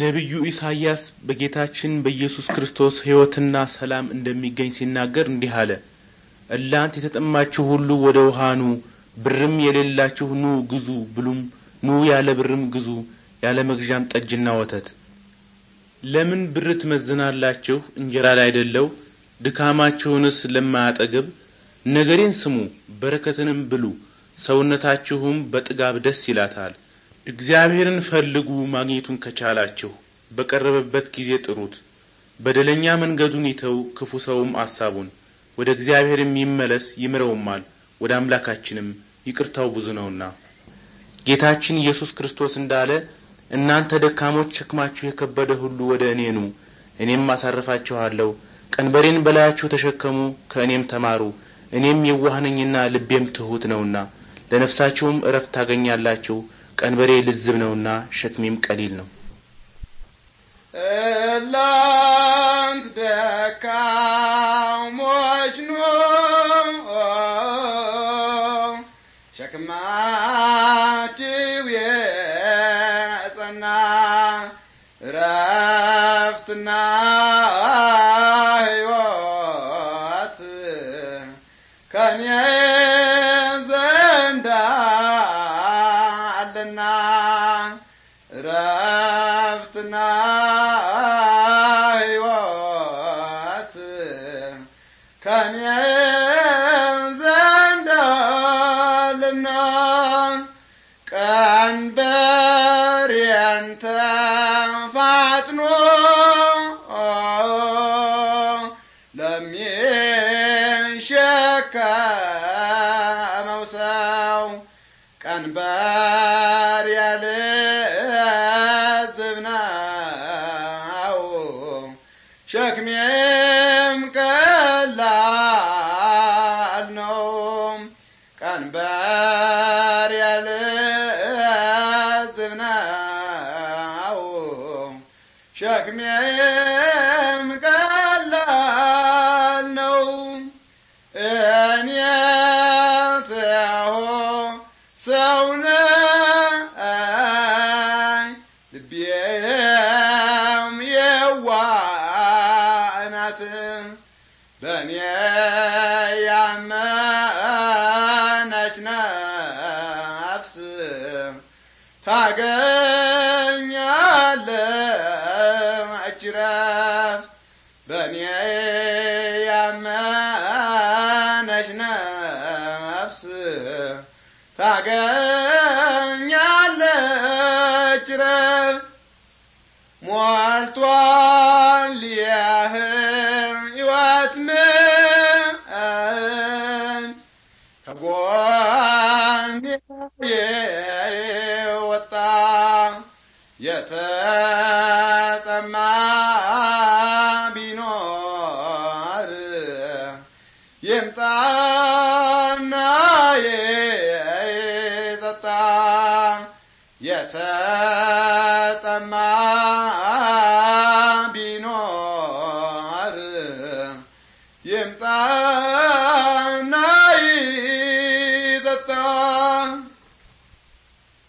ነቢዩ ኢሳይያስ በጌታችን በኢየሱስ ክርስቶስ ሕይወትና ሰላም እንደሚገኝ ሲናገር እንዲህ አለ። እናንት የተጠማችሁ ሁሉ ወደ ውሃ ኑ፣ ብርም የሌላችሁ ኑ ግዙ ብሉም፣ ኑ ያለ ብርም ግዙ፣ ያለ መግዣም ጠጅና ወተት። ለምን ብር ትመዝናላችሁ እንጀራ ደለው? ድካማችሁንስ ለማያጠግብ? ነገሬን ስሙ፣ በረከትንም ብሉ፣ ሰውነታችሁም በጥጋብ ደስ ይላታል። እግዚአብሔርን ፈልጉ ማግኘቱን ከቻላችሁ፣ በቀረበበት ጊዜ ጥሩት። በደለኛ መንገዱን ይተው፣ ክፉ ሰውም አሳቡን። ወደ እግዚአብሔርም ይመለስ ይምረውማል፣ ወደ አምላካችንም ይቅርታው ብዙ ነውና። ጌታችን ኢየሱስ ክርስቶስ እንዳለ እናንተ ደካሞች ሸክማችሁ የከበደ ሁሉ ወደ እኔ ኑ፣ እኔም አሳርፋችኋለሁ። ቀንበሬን በላያችሁ ተሸከሙ፣ ከእኔም ተማሩ፣ እኔም የዋህ ነኝና ልቤም ትሑት ነውና፣ ለነፍሳችሁም እረፍት ታገኛላችሁ። ቀንበሬ ልዝብ ነውና ሸክሜም ቀሊል ነው። እላንት ደካሞች ኖ ሸክማችው የጸና ረፍትና ሕይወት ከኔ ዋስትና ሕይወት ከኔም ዘንድ አለና ቀንበሬን ተፋጥኖ ለሚሸከመው ሰው ቀንበር ሸክሜም ቀላል ነው ቀንበር ያልዝብ ነው ሸክሜም ቀላል ነው እኔ ሰው ነፍስ ታገኛለ ረፍት በእኔ ያመነች ነፍስ ታገኛለች ረፍት ሞልቷል የህይወት ምንጭ ተጎ የወጣ የተጠማ ቢኖር ይምጣና የጠጣ የተጠማ ቢኖር ይምጣና